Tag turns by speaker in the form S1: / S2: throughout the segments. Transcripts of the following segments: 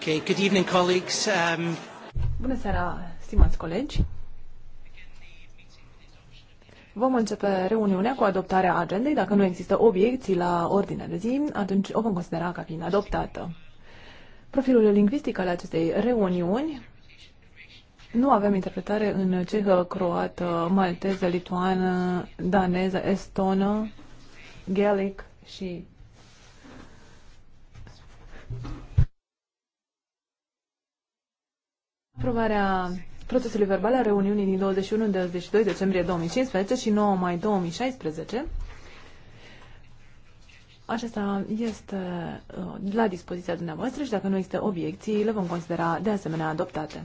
S1: Okay, good evening, colleagues. Um...
S2: Bună seara, stimați colegi. Vom începe reuniunea cu adoptarea agendei. Dacă nu există obiecții la ordinea de zi, atunci o vom considera ca fiind adoptată. Profilul lingvistic al acestei reuniuni nu avem interpretare în cehă, croată, malteză, lituană, daneză, estonă, gaelic și Aprobarea procesului verbal a reuniunii din 21-22 decembrie 2015 și 9 mai 2016. Acesta este uh, la dispoziția dumneavoastră și dacă nu există obiecții, le vom considera de asemenea adoptate.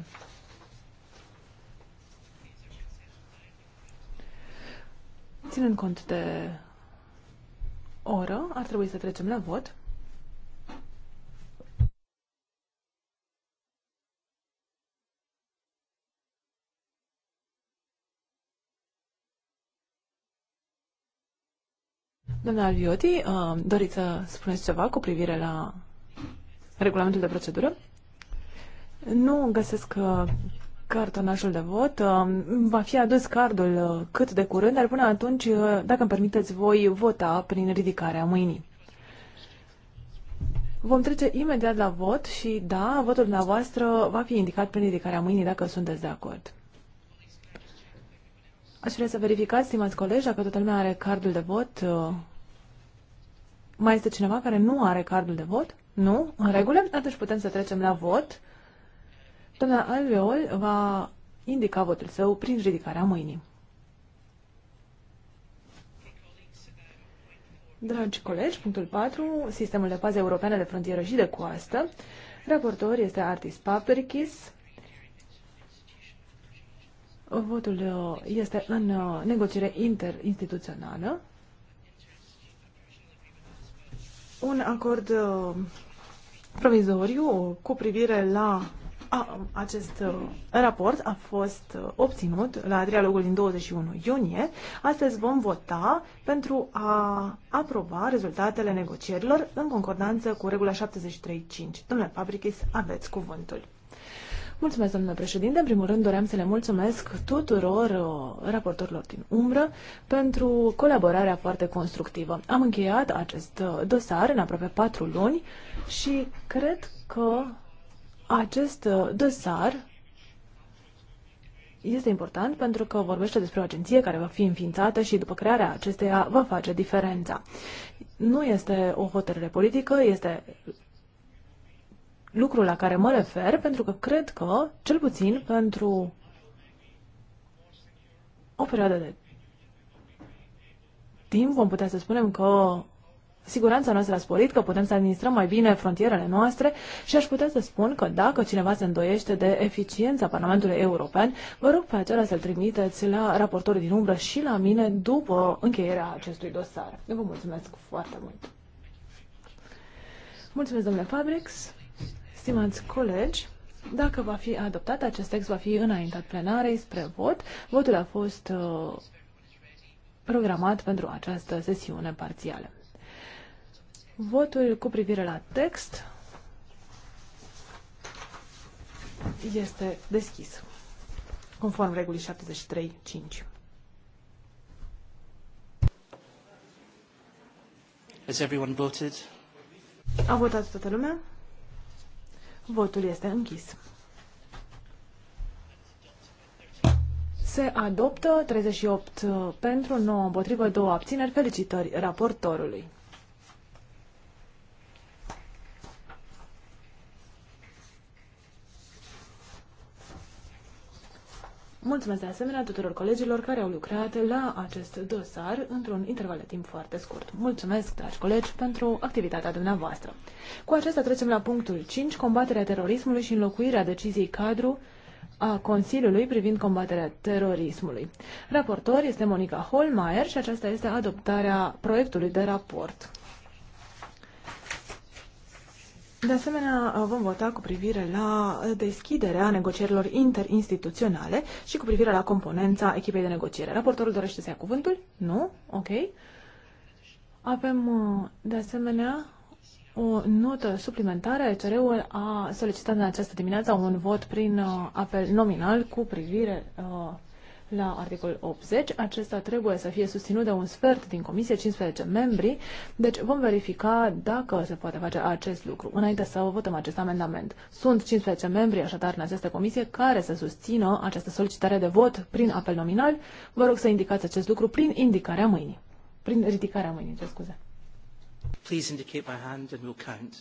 S2: Ținând cont de oră, ar trebui să trecem la vot. Doamna Alvioti, uh, doriți să spuneți ceva cu privire la regulamentul de procedură? Nu găsesc uh, cartonașul de vot. Uh, va fi adus cardul cât de curând, dar până atunci, dacă îmi permiteți, voi vota prin ridicarea mâinii. Vom trece imediat la vot și, da, votul dumneavoastră va fi indicat prin ridicarea mâinii dacă sunteți de acord. Aș vrea să verificați, stimați colegi, dacă toată lumea are cardul de vot mai este cineva care nu are cardul de vot? Nu? În regulă? Atunci putem să trecem la vot. Doamna Alveol va indica votul său prin ridicarea mâinii. Dragi colegi, punctul 4, sistemul de pază europeană de frontieră și de coastă. Raportor este Artis Paperkis. Votul uh, este în uh, negociere interinstituțională un acord uh, provizoriu cu privire la a, acest uh, raport a fost uh, obținut la trialogul din 21 iunie. Astăzi vom vota pentru a aproba rezultatele negocierilor în concordanță cu regula 73.5. Domnule Fabricis, aveți cuvântul. Mulțumesc, domnule președinte. În primul rând, doream să le mulțumesc tuturor uh, raportorilor din umbră pentru colaborarea foarte constructivă. Am încheiat acest uh, dosar în aproape patru luni și cred că acest uh, dosar este important pentru că vorbește despre o agenție care va fi înființată și după crearea acesteia va face diferența. Nu este o hotărâre politică, este lucru la care mă refer pentru că cred că, cel puțin pentru o perioadă de timp, vom putea să spunem că siguranța noastră a sporit, că putem să administrăm mai bine frontierele noastre și aș putea să spun că dacă cineva se îndoiește de eficiența Parlamentului European, vă rog pe acela să-l trimiteți la raportorul din umbră și la mine după încheierea acestui dosar. Eu vă mulțumesc foarte mult! Mulțumesc, domnule Fabrics. Stimați colegi, dacă va fi adoptat, acest text va fi înaintat plenarei spre vot. Votul a fost uh, programat pentru această sesiune parțială. Votul cu privire la text este deschis, conform regulii 73.5.
S1: Has everyone voted?
S2: A votat toată lumea? Votul este închis. Se adoptă 38 uh, pentru, 9 împotrivă, 2 abțineri. Felicitări raportorului. Mulțumesc de asemenea tuturor colegilor care au lucrat la acest dosar într-un interval de timp foarte scurt. Mulțumesc, dragi colegi, pentru activitatea dumneavoastră. Cu acesta trecem la punctul 5, combaterea terorismului și înlocuirea deciziei cadru a Consiliului privind combaterea terorismului. Raportor este Monica Holmeier și aceasta este adoptarea proiectului de raport. De asemenea, vom vota cu privire la deschiderea negocierilor interinstituționale și cu privire la componența echipei de negociere. Raportorul dorește să ia cuvântul? Nu? Ok. Avem, uh, de asemenea, o notă suplimentară. CR-ul a solicitat în această dimineață un vot prin uh, apel nominal cu privire uh, la articol 80. Acesta trebuie să fie susținut de un sfert din comisie, 15 membri, deci vom verifica dacă se poate face acest lucru înainte să votăm acest amendament. Sunt 15 membri, așadar, în această comisie care să susțină această solicitare de vot prin apel nominal. Vă rog să indicați acest lucru prin indicarea mâinii. Prin ridicarea mâinii, ce scuze.
S1: Please indicate by hand and we'll count.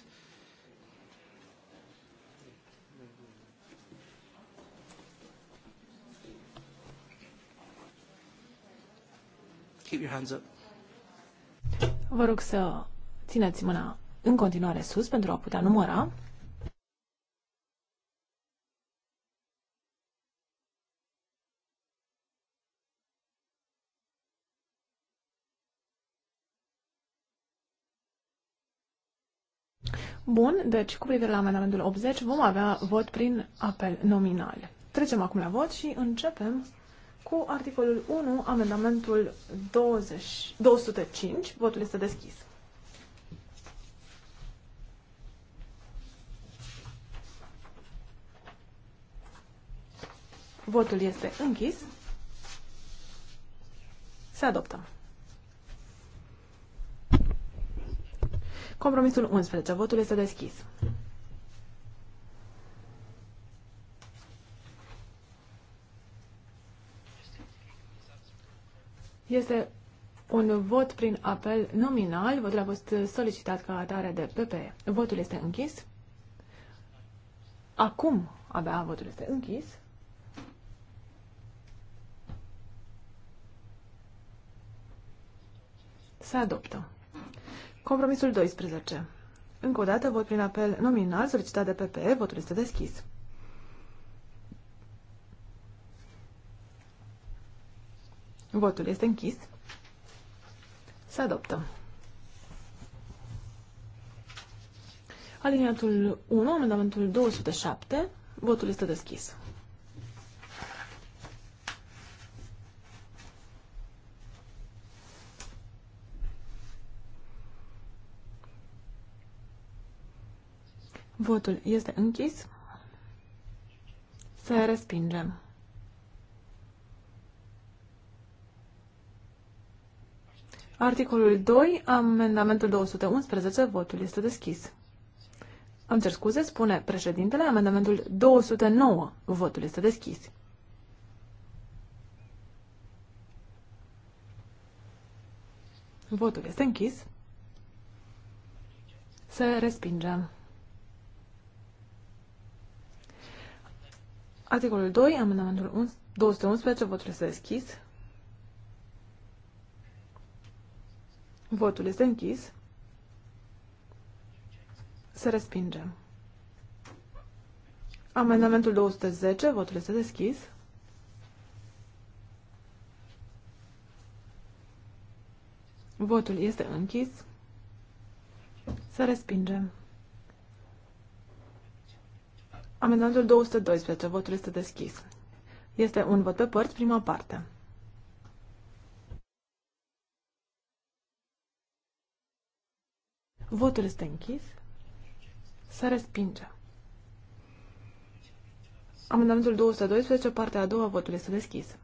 S1: keep your hands up.
S2: Vă rog să țineți mâna în continuare sus pentru a putea număra. Bun, deci cu privire la amendamentul 80 vom avea vot prin apel nominal. Trecem acum la vot și începem cu articolul 1, amendamentul 20, 205. Votul este deschis. Votul este închis. Se adoptă. Compromisul 11. Votul este deschis. Este un vot prin apel nominal. Votul a fost solicitat ca atare de PPE. Votul este închis. Acum abia votul este închis. Se adoptă. Compromisul 12. Încă o dată, vot prin apel nominal solicitat de PPE. Votul este deschis. Votul este închis. Se adoptă. Aliniatul 1, amendamentul 207, votul este deschis. Votul este închis. Să respingem. Articolul 2, amendamentul 211, votul este deschis. Îmi cer scuze, spune președintele, amendamentul 209, votul este deschis. Votul este închis. Se respinge. Articolul 2, amendamentul 211, votul este deschis. Votul este închis. Se respinge. Amendamentul 210, votul este deschis. Votul este închis. Se respinge. Amendamentul 212, votul este deschis. Este un vot pe părți, prima parte. Votul este închis. Se respinge. Amendamentul 212, partea a doua, votul este deschis.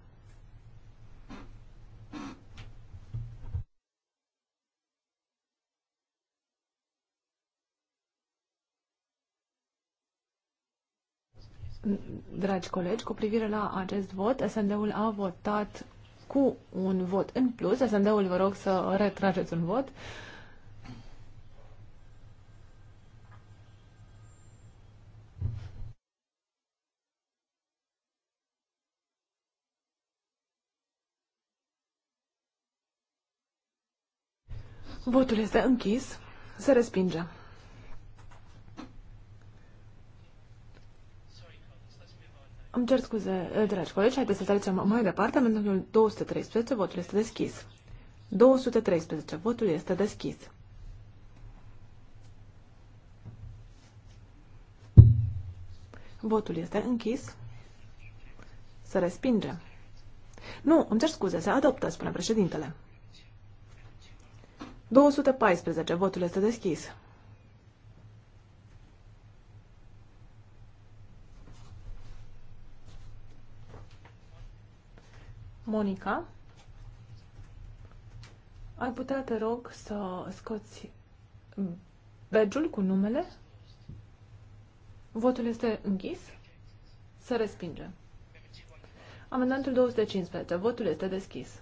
S2: Dragi colegi, cu privire la acest vot, SND-ul a votat cu un vot în plus. SND-ul vă rog să retrageți un vot. Uh, Votul este închis. Se respinge. Îmi cer scuze, eh, dragi colegi, haideți să trecem mai departe. Amendamentul 213, votul este deschis. 213, votul este deschis. Votul este închis. Se respinge. Nu, îmi cer scuze, se adoptă, spune președintele. 214. Votul este deschis. Monica, ai putea, te rog, să scoți badge cu numele? Votul este închis? Să respinge. Amendamentul 215. Votul este deschis.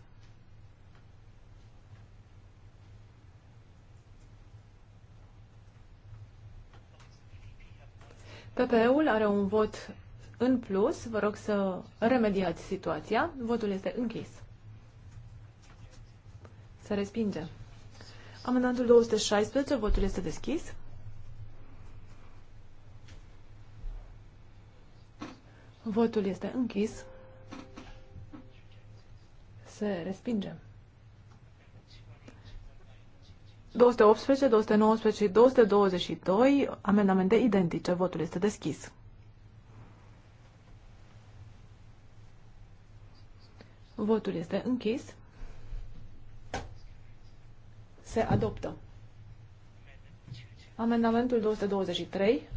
S2: PPE-ul are un vot în plus. Vă rog să remediați situația. Votul este închis. Se respinge. Amendamentul 216, votul este deschis. Votul este închis. Se respinge. 218, 219 și 222, amendamente identice. Votul este deschis. Votul este închis. Se adoptă. Amendamentul 223.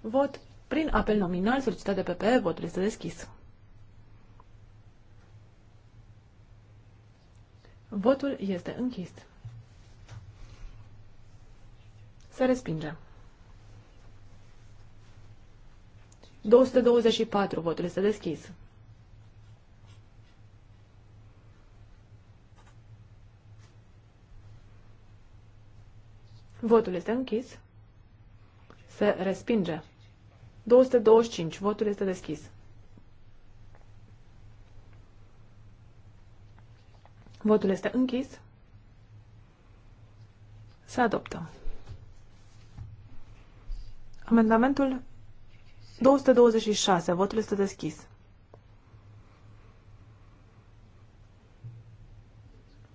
S2: Vot prin apel nominal solicitat de PP. Votul este deschis. Votul este închis. Se respinge. 224. Votul este deschis. Votul este închis. Se respinge. 225. Votul este deschis. Votul este închis. Se adoptă. Amendamentul 226. Votul este deschis.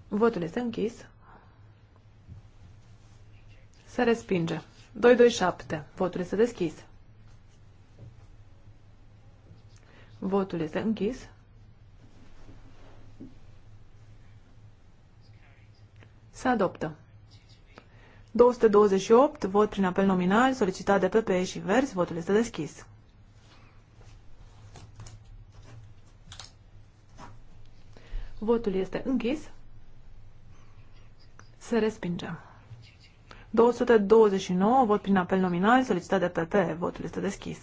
S2: Votul este închis. Se respinge. 227. Votul este deschis. Votul este închis. Se adoptă. 228, vot prin apel nominal, solicitat de PPE și Vers, votul este deschis. Votul este închis. Se respinge. 229, vot prin apel nominal, solicitat de PPE, votul este deschis.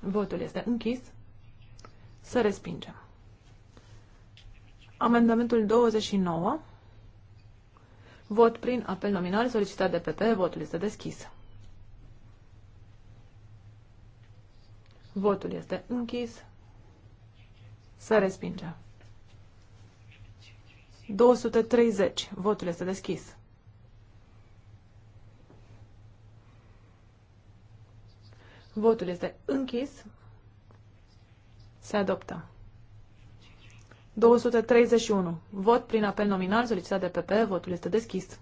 S2: Votul este închis. Să respingem. Amendamentul 29. Vot prin apel nominal solicitat de PP. Votul este deschis. Votul este închis. Să respinge. 230. Votul este deschis. Votul este închis. Se adoptă. 231. Vot prin apel nominal solicitat de PP. Votul este deschis.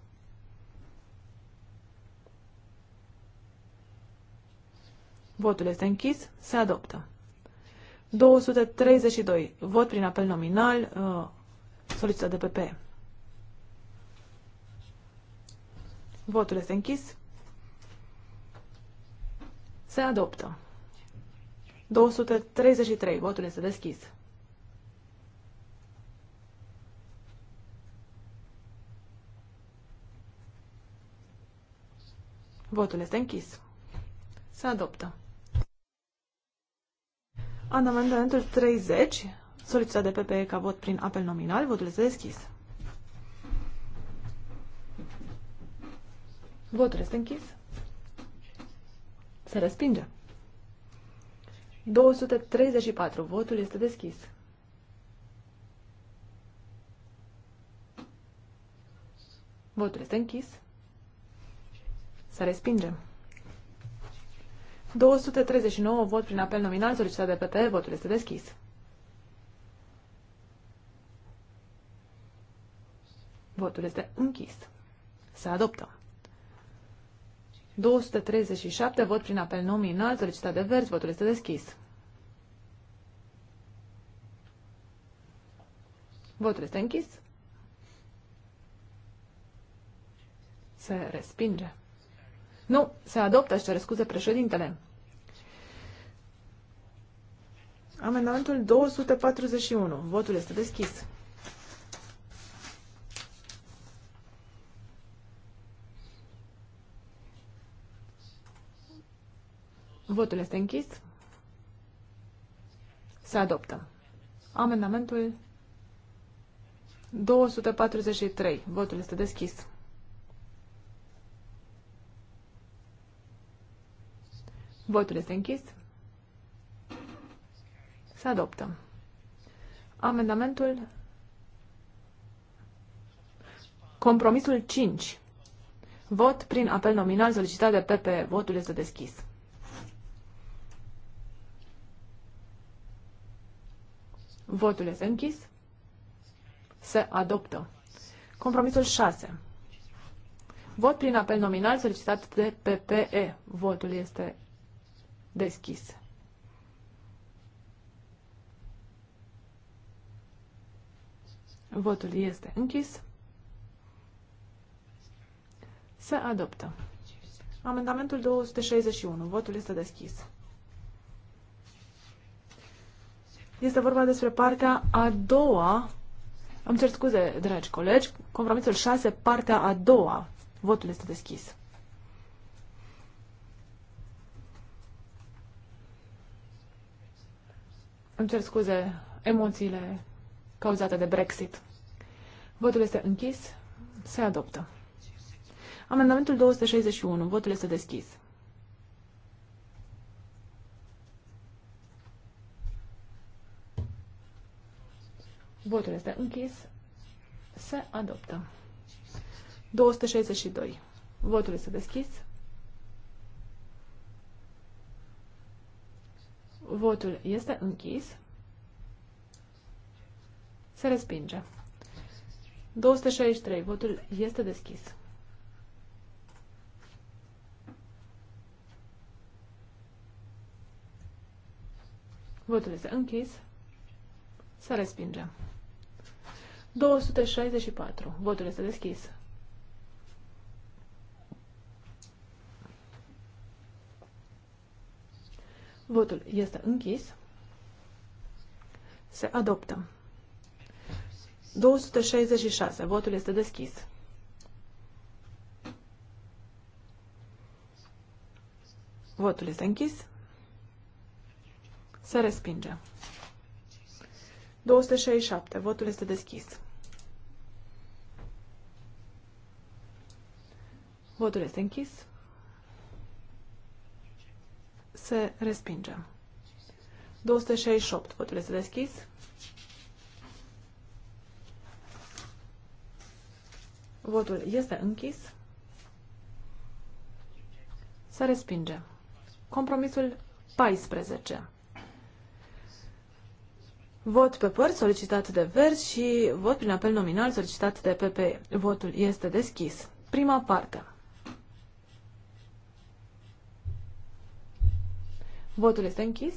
S2: Votul este închis. Se adoptă. 232. Vot prin apel nominal uh, solicitat de PP. Votul este închis. Se adoptă. 233. Votul este deschis. Votul este închis. Se adoptă. Amendamentul 30, solicitat de PPE ca vot prin apel nominal, votul este deschis. Votul este închis. Se respinge. 234. Votul este deschis. Votul este închis. Să respingem. 239 vot prin apel nominal solicitat de PTE, Votul este deschis. Votul este închis. Se adoptă. 237 vot prin apel nominal solicitat de verzi. Votul este deschis. Votul este închis. Se respinge. Nu, se adoptă, își cere scuze președintele. Amendamentul 241. Votul este deschis. Votul este închis. Se adoptă. Amendamentul 243. Votul este deschis. Votul este închis. Se adoptă. Amendamentul Compromisul 5. Vot prin apel nominal solicitat de PP. Votul este deschis. Votul este închis. Se adoptă. Compromisul 6. Vot prin apel nominal solicitat de PPE. Votul este deschis. Votul este închis. Se adoptă. Amendamentul 261. Votul este deschis. Este vorba despre partea a doua. Îmi cer scuze, dragi colegi. Compromisul 6, partea a doua. Votul este deschis. Îmi cer scuze emoțiile cauzate de Brexit. Votul este închis. Se adoptă. Amendamentul 261. Votul este deschis. Votul este închis. Se adoptă. 262. Votul este deschis. Votul este închis. Se respinge. 263. Votul este deschis. Votul este închis. Se respinge. 264. Votul este deschis. Votul este închis. Se adoptă. 266. Votul este deschis. Votul este închis. Se respinge. 267. Votul este deschis. Votul este închis. Se respinge. 268. Votul este deschis. Votul este închis. Se respinge. Compromisul 14. Vot pe părți solicitat de Verzi și vot prin apel nominal solicitat de PP. Votul este deschis. Prima parte. Votul este închis.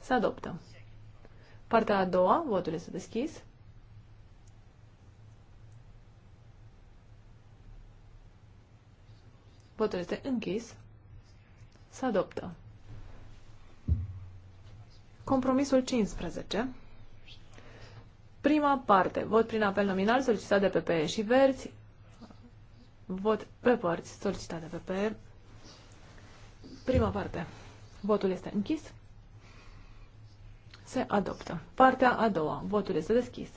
S2: Se adoptă. Partea a doua, votul este deschis. Votul este închis. Se adoptă. Compromisul 15. Prima parte. Vot prin apel nominal solicitat de PPE și Verzi. Vot pe părți solicitat de PPE. Prima parte. Votul este închis. Se adoptă. Partea a doua. Votul este deschis.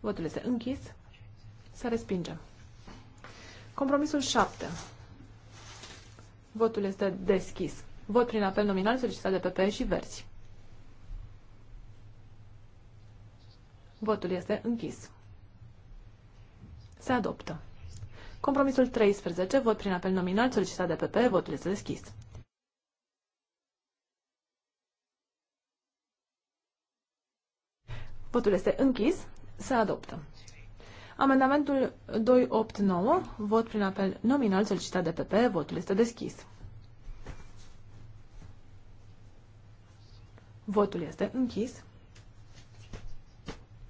S2: Votul este închis. Se respinge. Compromisul 7. Votul este deschis. Vot prin apel nominal solicitat de PP și Verzi. Votul este închis. Se adoptă. Compromisul 13, vot prin apel nominal solicitat de PP, votul este deschis. Votul este închis. Se adoptă. Amendamentul 289, vot prin apel nominal solicitat de PP, votul este deschis. Votul este închis.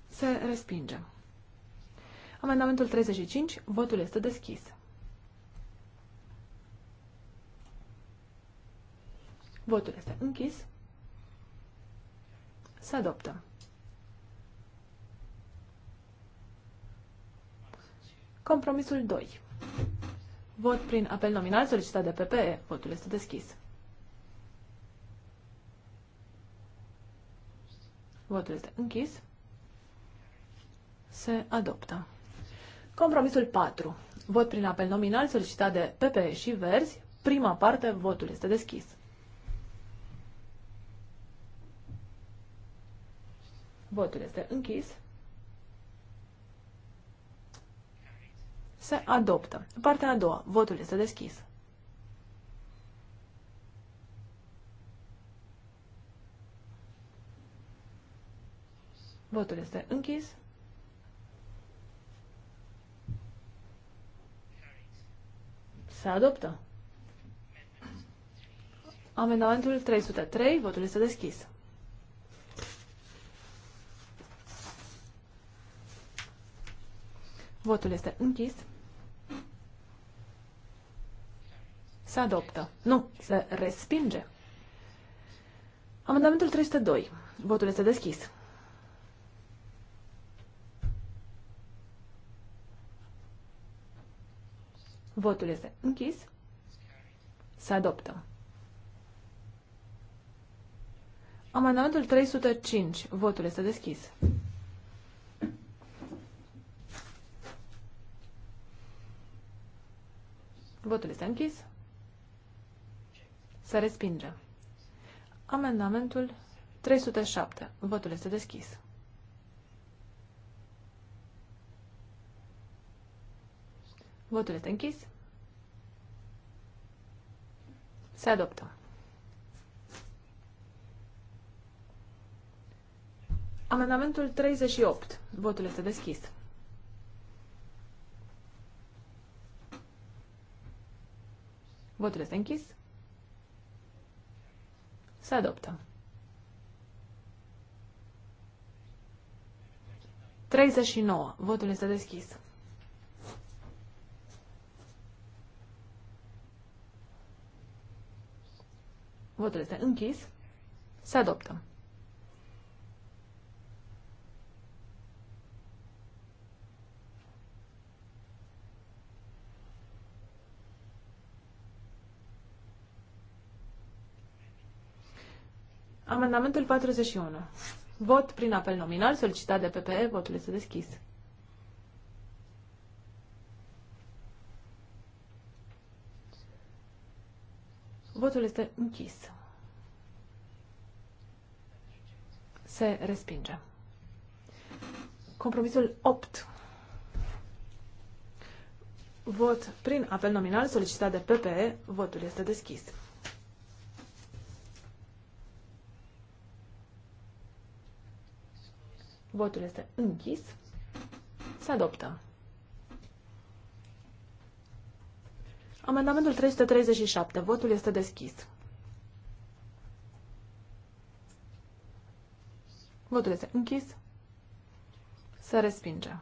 S2: Se respinge. Amendamentul 35, votul este deschis. Votul este închis. Se adoptă. Compromisul 2. Vot prin apel nominal solicitat de PPE. Votul este deschis. Votul este închis. Se adoptă. Compromisul 4. Vot prin apel nominal solicitat de PPE și Verzi. Prima parte, votul este deschis. Votul este închis. Se adoptă. Partea a doua. Votul este deschis. Votul este închis. Se adoptă. Amendamentul 303, votul este deschis. Votul este închis. Se adoptă. Nu, se respinge. Amendamentul 302. Votul este deschis. Votul este închis. Se adoptă. Amendamentul 305. Votul este deschis. Votul este închis. Se respinge. Amendamentul 307. Votul este deschis. Votul este închis. Se adoptă. Amendamentul 38. Votul este deschis. Votul este închis. Se adoptă. 39. Votul este deschis. Votul este închis. Se adoptă. Amendamentul 41. Vot prin apel nominal solicitat de PPE. Votul este deschis. Votul este închis. Se respinge. Compromisul 8. Vot prin apel nominal solicitat de PPE. Votul este deschis. Votul este închis. Se adoptă. Amendamentul 337. Votul este deschis. Votul este închis. Se respinge.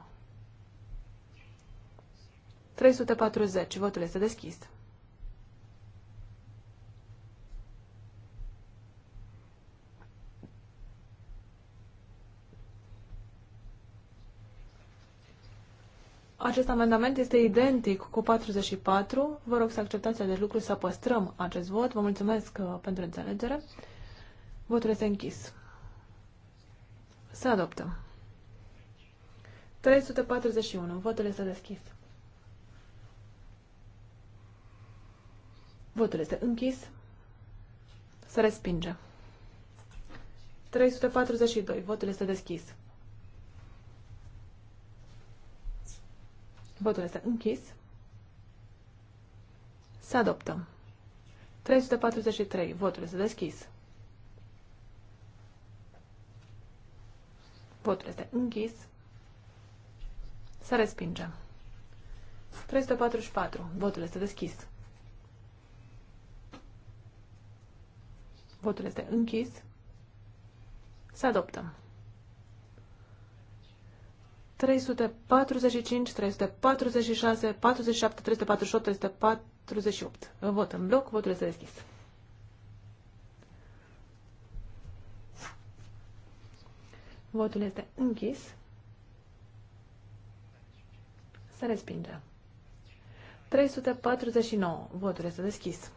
S2: 340. Votul este deschis. Acest amendament este identic cu 44. Vă rog să acceptați de lucru să păstrăm acest vot. Vă mulțumesc uh, pentru înțelegere. Votul este închis. Se adoptă. 341. Votul este deschis. Votul este închis. Se respinge. 342. Votul este deschis. Votul este închis. Se adoptă. 343. Votul este deschis. Votul este închis. Se respinge. 344. Votul este deschis. Votul este închis. Se adoptă. 345, 346, 47, 348, 348. Vot în bloc, votul este deschis. Votul este închis. Se respinge. 349. Votul este deschis.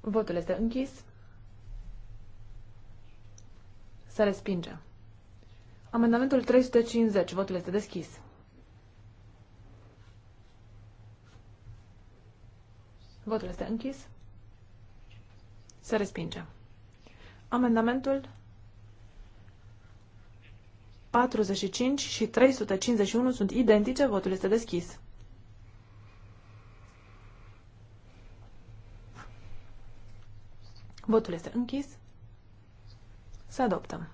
S2: Votul este închis. Se respinge. Amendamentul 350. Votul este deschis. Votul este închis. Se respinge. Amendamentul 45 și 351 sunt identice. Votul este deschis. Votul este închis. Se adoptă.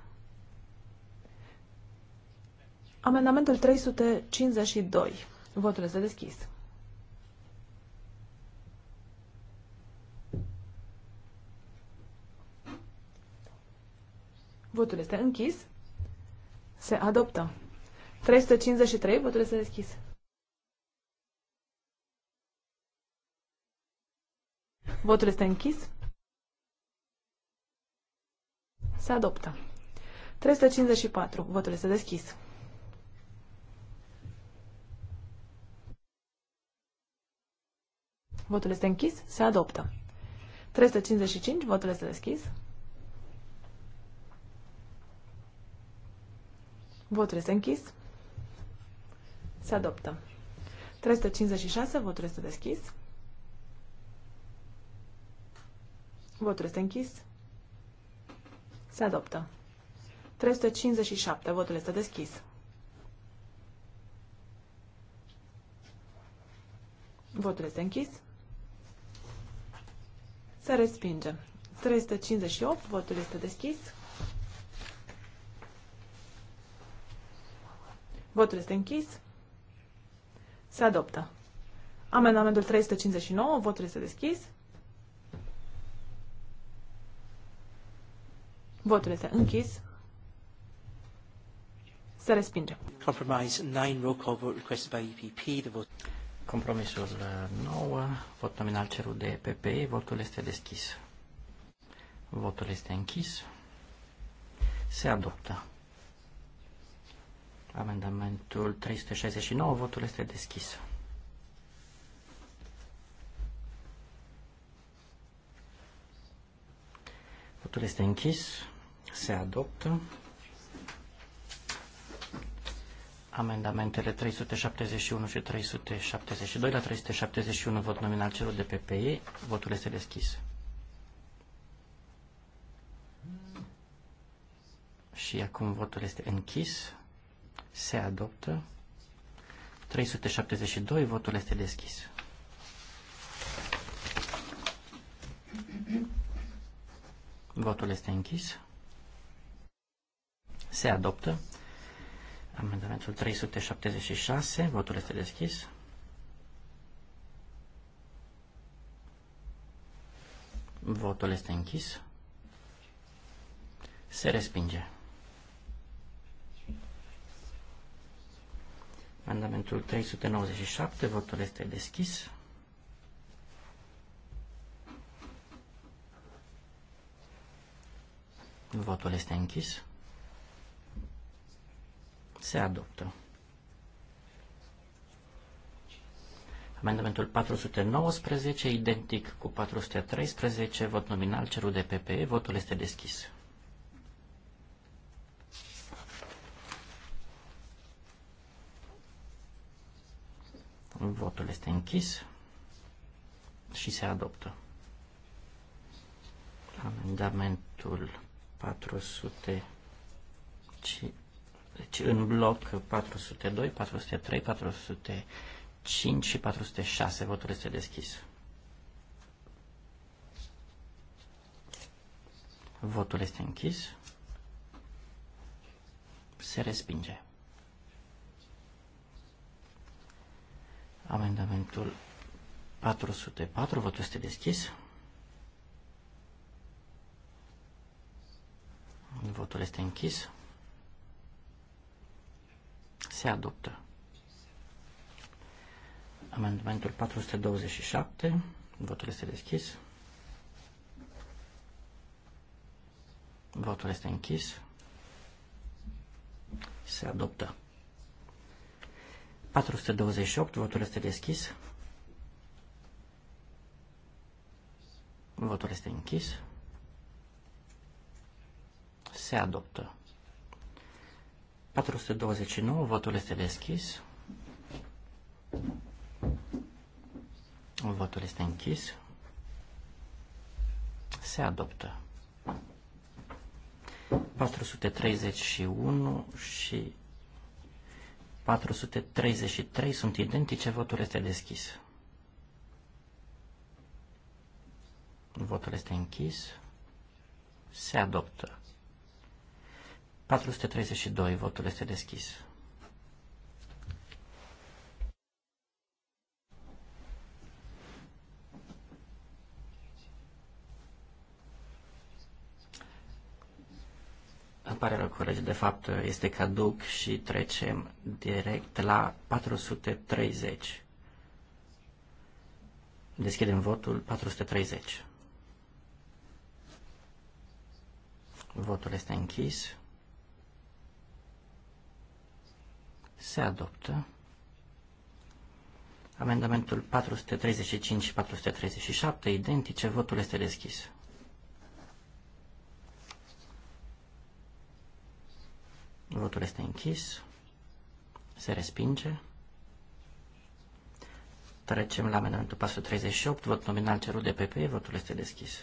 S2: Amendamentul 352. Votul este deschis. Votul este închis. Se adoptă. 353. Votul este deschis. Votul este închis. Se adoptă. 354. Votul este deschis. Votul este închis. Se adoptă. 355. Votul este deschis. Votul este închis. Se adoptă. 356. Votul este deschis. Votul este închis. Se adoptă. 357. Votul este deschis. Votul este închis. Se respinge. 358. Votul este deschis. Votul este închis. Se adoptă. Amendamentul 359. Votul este deschis. Votul este închis. Se respinge. Compromise
S1: 9, roll call vote requested by EPP. The vote... Compromisul 9, vot nominal cerut de EPP, votul este deschis. Votul este închis. Se adoptă. Amendamentul 369, votul este deschis. Votul este închis. Se adoptă. Amendamentele 371 și 372 la 371 vot nominal celor de PPE. Votul este deschis. Și acum votul este închis. Se adoptă. 372, votul este deschis. Votul este închis. Se adoptă. Amendamentul 376. Votul este deschis. Votul este închis. Se respinge. Amendamentul 397, votul este deschis. Votul este închis. Se adoptă. Amendamentul 419, identic cu 413, vot nominal cerut de PPE, votul este deschis. Votul este închis și se adoptă. Amendamentul 400 deci în bloc 402, 403, 405 și 406 votul este deschis. Votul este închis. Se respinge. Amendamentul 404, votul este deschis. Votul este închis se adoptă. Amendamentul 427, votul este deschis. Votul este închis. Se adoptă. 428, votul este deschis. Votul este închis. Se adoptă. 429, votul este deschis. Votul este închis. Se adoptă. 431 și 433 sunt identice, votul este deschis. Votul este închis. Se adoptă. 432. Votul este deschis. Îmi pare rău, colegi, de fapt este caduc și trecem direct la 430. Deschidem votul 430. Votul este închis. Se adoptă. Amendamentul 435 și 437, identice, votul este deschis. Votul este închis. Se respinge. Trecem la amendamentul 438, vot nominal cerut de PP, votul este deschis.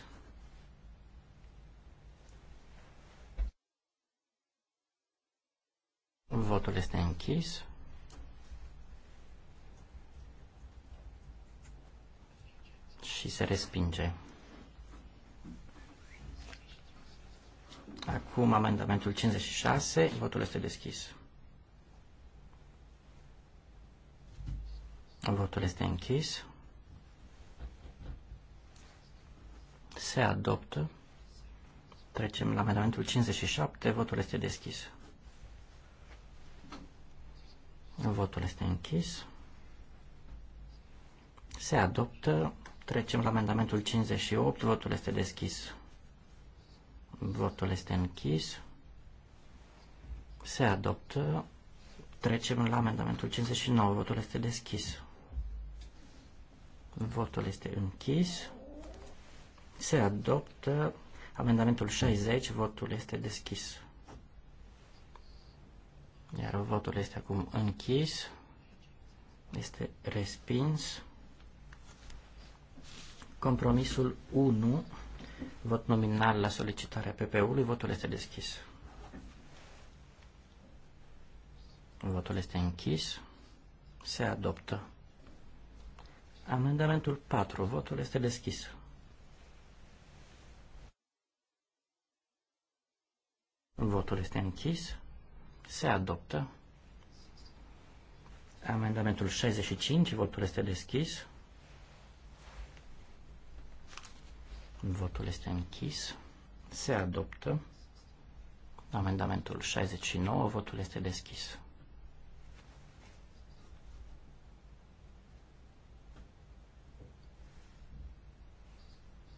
S1: Votul este închis. Și se respinge. Acum amendamentul 56, votul este deschis. Votul este închis. Se adoptă. Trecem la amendamentul 57, votul este deschis. Votul este închis. Se adoptă. Trecem la amendamentul 58. Votul este deschis. Votul este închis. Se adoptă. Trecem la amendamentul 59. Votul este deschis. Votul este închis. Se adoptă. Amendamentul 60. Votul este deschis. Iar votul este acum închis. Este respins. Compromisul 1, vot nominal la solicitarea PP-ului, votul este deschis. Votul este închis. Se adoptă. Amendamentul 4. Votul este deschis. Votul este închis. Se adoptă. Amendamentul 65, votul este deschis. Votul este închis. Se adoptă. Amendamentul 69, votul este deschis.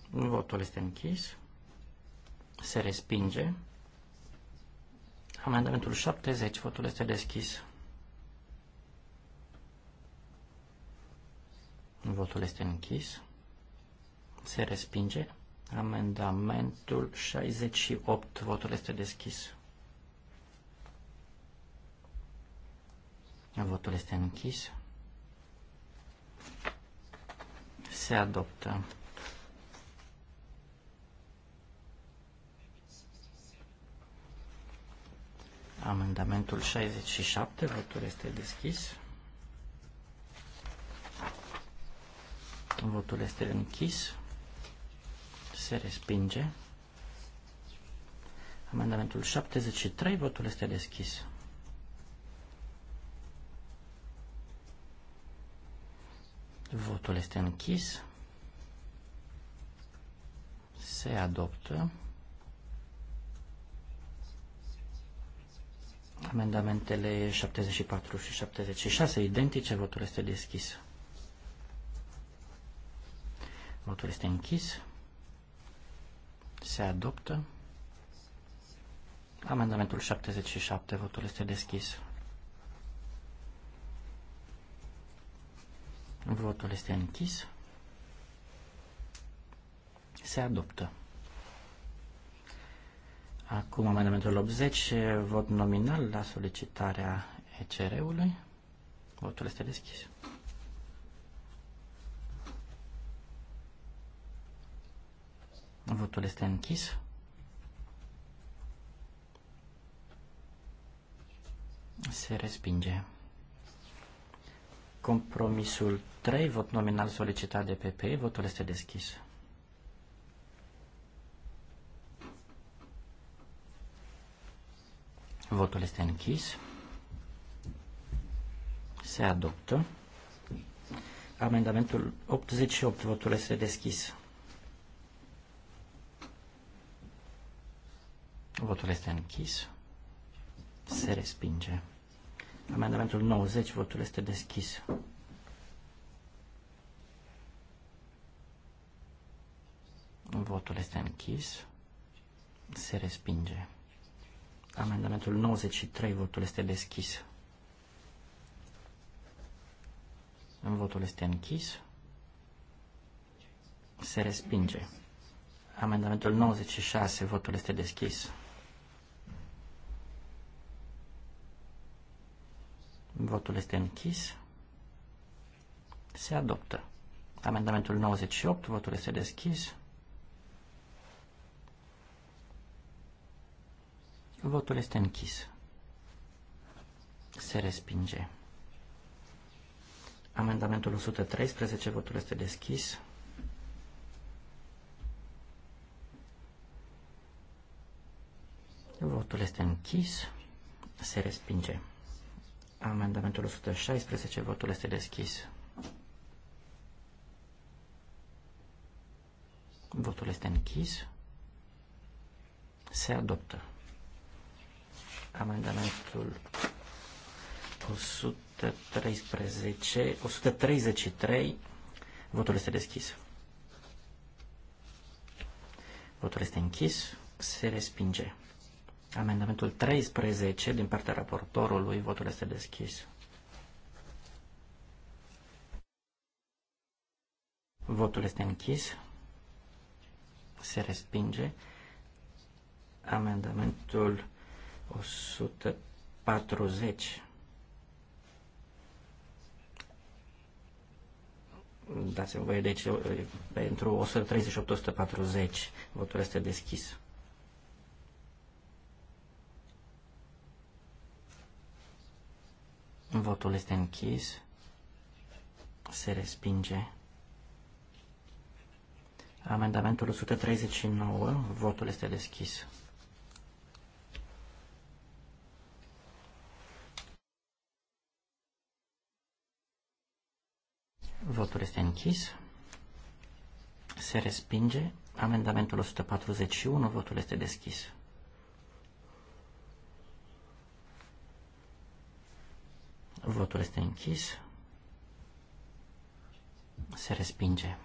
S1: Votul este închis. Se respinge. Amendamentul 70, votul este deschis. Votul este închis. Se respinge. Amendamentul 68, votul este deschis. Votul este închis. Se adoptă. Amendamentul 67, votul este deschis. Votul este închis. Se respinge. Amendamentul 73, votul este deschis. Votul este închis. Se adoptă. Amendamentele 74 și 76 identice, votul este deschis. Votul este închis. Se adoptă. Amendamentul 77, votul este deschis. Votul este închis. Se adoptă. Acum amendamentul 80, vot nominal la solicitarea ECR-ului. Votul este deschis. Votul este închis. Se respinge. Compromisul 3, vot nominal solicitat de PP, votul este deschis. Votul este închis. Se adoptă. Amendamentul 88. Votul este deschis. Votul este închis. Se respinge. Amendamentul 90. Votul este deschis. Votul este închis. Se respinge. Amendamentul 93, votul este deschis. Votul este închis. Se respinge. Amendamentul 96, votul este deschis. Votul este închis. Se adoptă. Amendamentul 98, votul este deschis. Votul este închis. Se respinge. Amendamentul 113, votul este deschis. Votul este închis. Se respinge. Amendamentul 116, votul este deschis. Votul este închis. Se adoptă. Amendamentul 113, 133. Votul este deschis. Votul este închis. Se respinge. Amendamentul 13 din partea raportorului. Votul este deschis. Votul este închis. Se respinge. Amendamentul 140. Dați-mi voie, deci, pentru 138-140 votul este deschis. Votul este închis. Se respinge. Amendamentul 139. Votul este deschis. Votul este închis. Se respinge. Amendamentul 141. Votul este deschis. Votul este închis. Se respinge.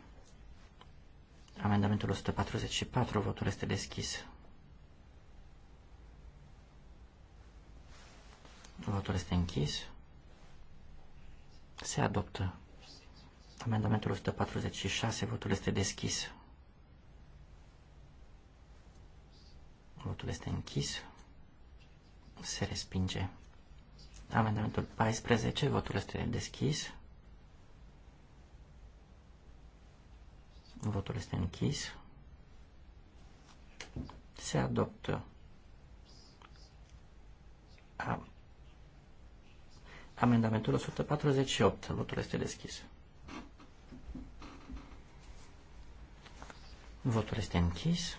S1: Amendamentul 144. Votul este deschis. Votul este închis. Se adoptă. Amendamentul 146, votul este deschis. Votul este închis. Se respinge. Amendamentul 14, votul este deschis. Votul este închis. Se adoptă. Amendamentul 148, votul este deschis. Votul este închis.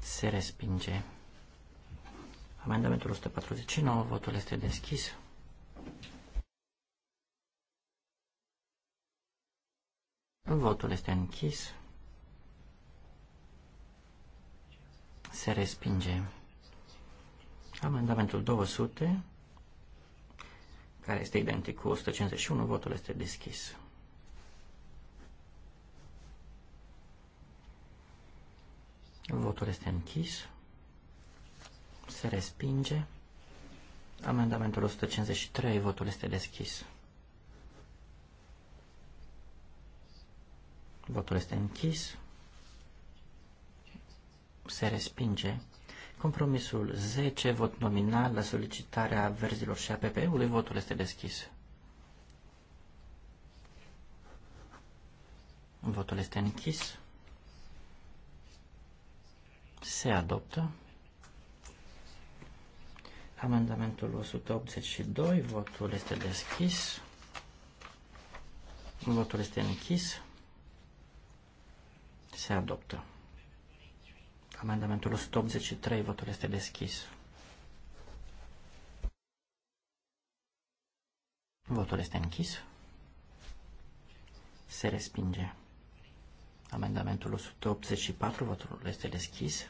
S1: Se respinge. Amendamentul 149, votul este deschis. Votul este închis. Se respinge. Amendamentul 200, care este identic cu 151, votul este deschis. Votul este închis. Se respinge. Amendamentul 153, votul este deschis. Votul este închis. Se respinge. Compromisul 10, vot nominal la solicitarea verzilor și APP-ului, votul este deschis. Votul este închis. Se adoptă. Amendamentul 182, votul este deschis. Votul este închis. Se adoptă. Amendamentul 183, votul este deschis. Votul este închis. Se respinge. Amendamentul 184, votul este deschis.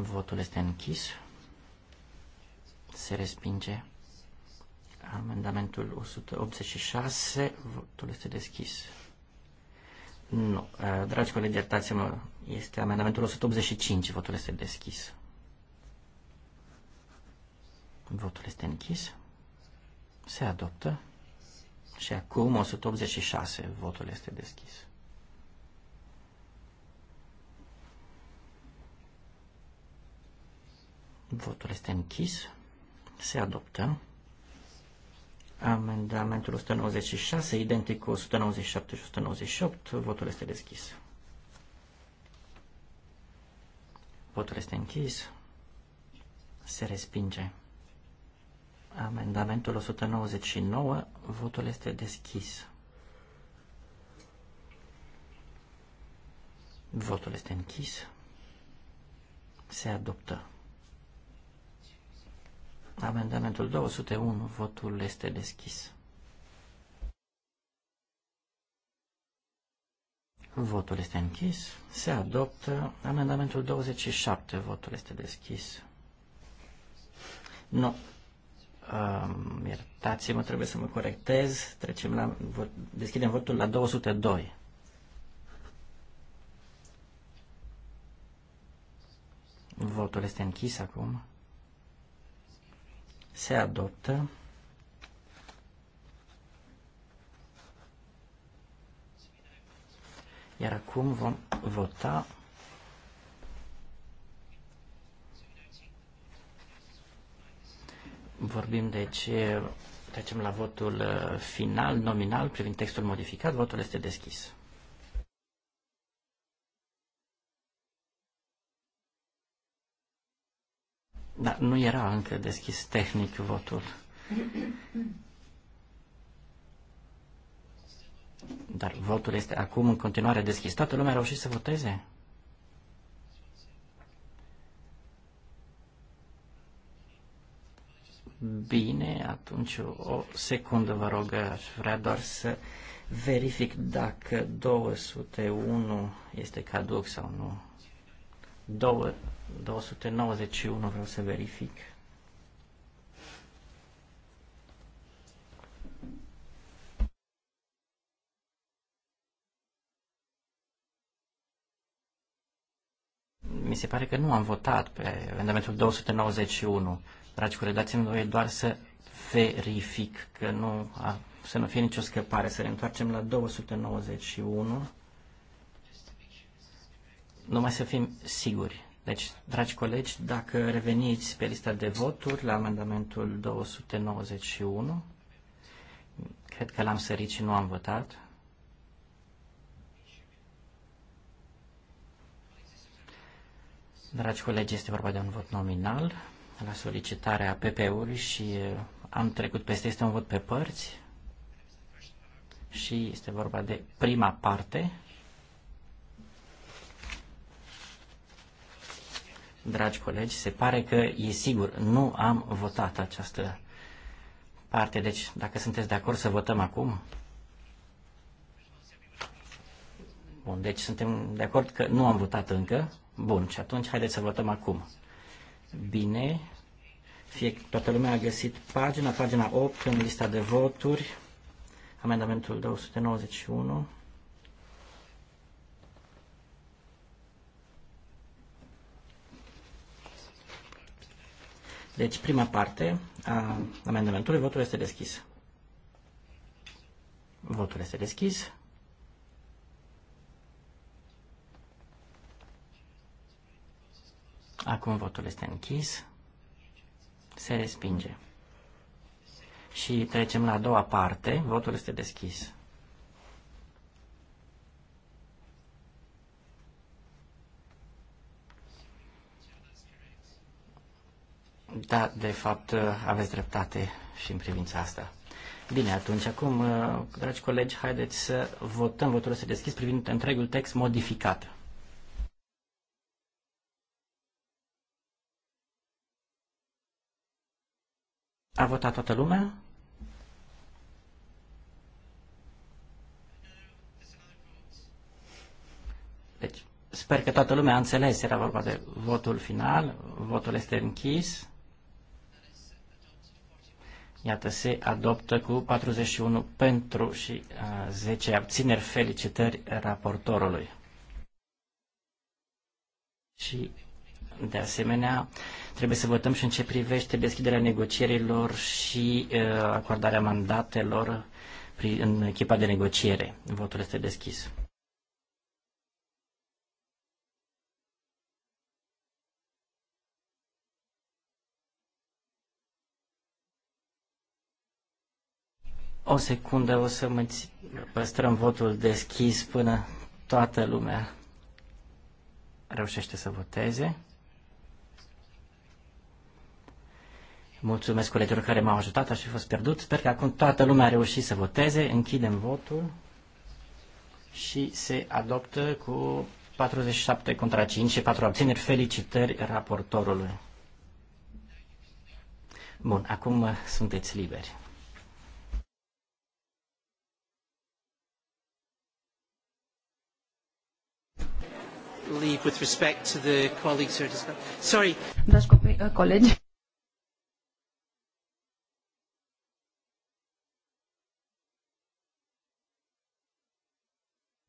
S1: Votul este închis. Se respinge. Amendamentul 186. Votul este deschis. Nu. Eh, dragi colegi, iertați-mă. Este amendamentul 185. Votul este deschis. Votul este închis. Se adoptă. Și acum 186. Votul este deschis. Votul este închis. Se adoptă. Amendamentul 196, identic cu 197 și 198. Votul este deschis. Votul este închis. Se respinge. Amendamentul 199. Votul este deschis. Votul este închis. Se adoptă. Amendamentul 201, votul este deschis. Votul este închis. Se adoptă amendamentul 27. Votul este deschis. Nu. Um, Iertați-mă, trebuie să mă corectez. Trecem la, vot, deschidem votul la 202. Votul este închis acum se adoptă. Iar acum vom vota Vorbim deci, trecem la votul uh, final, nominal, privind textul modificat. Votul este deschis. Dar nu era încă deschis tehnic votul. Dar votul este acum în continuare deschis. Toată lumea a reușit să voteze? Bine, atunci o secundă vă rog, aș vrea doar să verific dacă 201 este caduc sau nu. 2, 291 vreau să verific. Mi se pare că nu am votat pe amendamentul 291. Dragi colegi, dați-mi voie doar să verific că nu, a, să nu fie nicio scăpare. Să ne întoarcem la 291 numai să fim siguri. Deci, dragi colegi, dacă reveniți pe lista de voturi la amendamentul 291, cred că l-am sărit și nu am votat. Dragi colegi, este vorba de un vot nominal la solicitarea PP-ului și am trecut peste, este un vot pe părți și este vorba de prima parte dragi colegi, se pare că e sigur, nu am votat această parte, deci dacă sunteți de acord să votăm acum. Bun, deci suntem de acord că nu am votat încă. Bun, și atunci haideți să votăm acum. Bine, fie toată lumea a găsit pagina, pagina 8 în lista de voturi, amendamentul 291. Deci, prima parte a amendamentului, votul este deschis. Votul este deschis. Acum votul este închis. Se respinge. Și trecem la a doua parte. Votul este deschis. Da, de fapt uh, aveți dreptate și în privința asta. Bine, atunci, acum, uh, dragi colegi, haideți să votăm votul să deschis privind întregul text modificat. A votat toată lumea? Deci, sper că toată lumea a înțeles, era vorba de votul final, votul este închis. Iată, se adoptă cu 41 pentru și 10 uh, abțineri. Felicitări raportorului. Și, de asemenea, trebuie să votăm și în ce privește deschiderea negocierilor și uh, acordarea mandatelor în echipa de negociere. Votul este deschis. O secundă, o să mă păstrăm votul deschis până toată lumea reușește să voteze. Mulțumesc colegilor care m-au ajutat, aș fi fost pierdut. Sper că acum toată lumea a reușit să voteze. Închidem votul și se adoptă cu 47 contra 5 și 4 abțineri. Felicitări raportorului. Bun, acum sunteți liberi. leave with respect to the colleagues who are discussing. Sorry.
S3: Uh,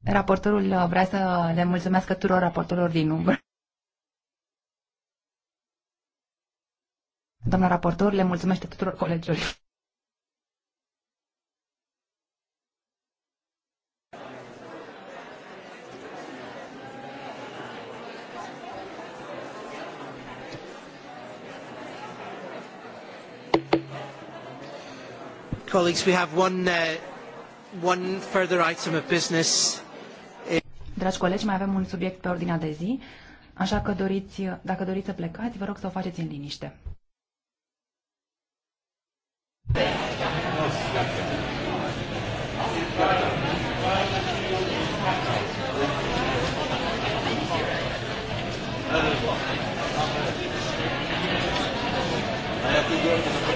S3: Raportorul uh, vrea să le mulțumească tuturor raportorilor din umbră. Doamna raportor le mulțumește tuturor colegilor.
S1: Uh, item
S3: Dragi colegi, mai avem un subiect pe ordinea de zi, așa că doriți, dacă doriți să plecați, vă rog să o faceți în liniște.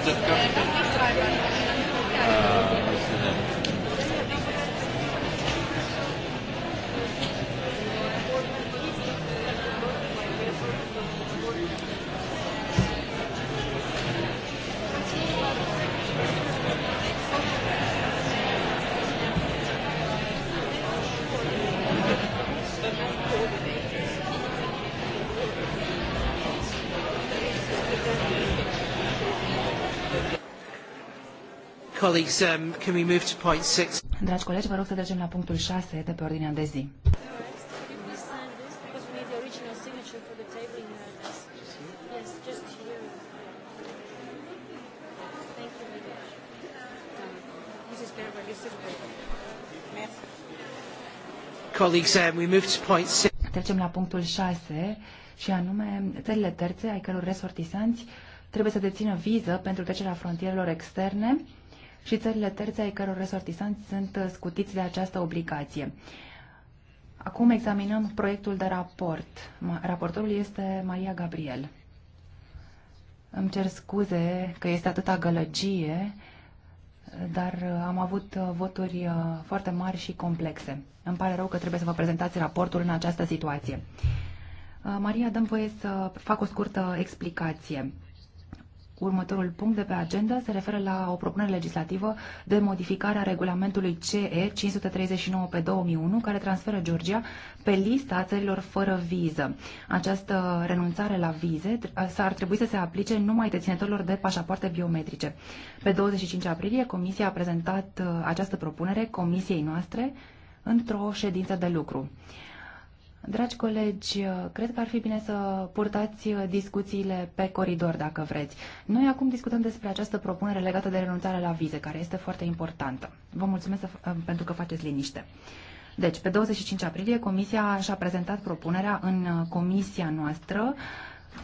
S2: Thank you.
S1: colleagues, um, can we move to point six?
S3: Dragi colegi, vă rog să trecem la punctul 6 de pe ordinea de zi. Colleagues, um, we move to point six. Trecem la punctul 6 și anume țările terțe ai căror resortisanți trebuie să dețină viză pentru trecerea frontierelor externe și țările terțe ai căror resortisanți sunt uh, scutiți de această obligație. Acum examinăm proiectul de raport. Raportorul este Maria Gabriel. Îmi cer scuze că este atâta gălăgie, dar uh, am avut uh, voturi foarte mari și complexe. Îmi pare rău că trebuie să vă prezentați raportul în această situație. Maria, dăm voie să fac o scurtă explicație. Următorul punct de pe agenda se referă la o propunere legislativă de modificare a regulamentului CE 539 pe 2001, care transferă Georgia pe lista țărilor fără viză. Această renunțare la vize ar trebui să se aplice numai deținătorilor de pașapoarte biometrice. Pe 25 aprilie, Comisia a prezentat uh, această propunere Comisiei noastre într-o ședință de lucru. Dragi colegi, cred că ar fi bine să purtați discuțiile pe coridor, dacă vreți. Noi acum discutăm despre această propunere legată de renunțarea la vize, care este foarte importantă. Vă mulțumesc pentru că faceți liniște. Deci, pe 25 aprilie, Comisia și-a prezentat propunerea în comisia noastră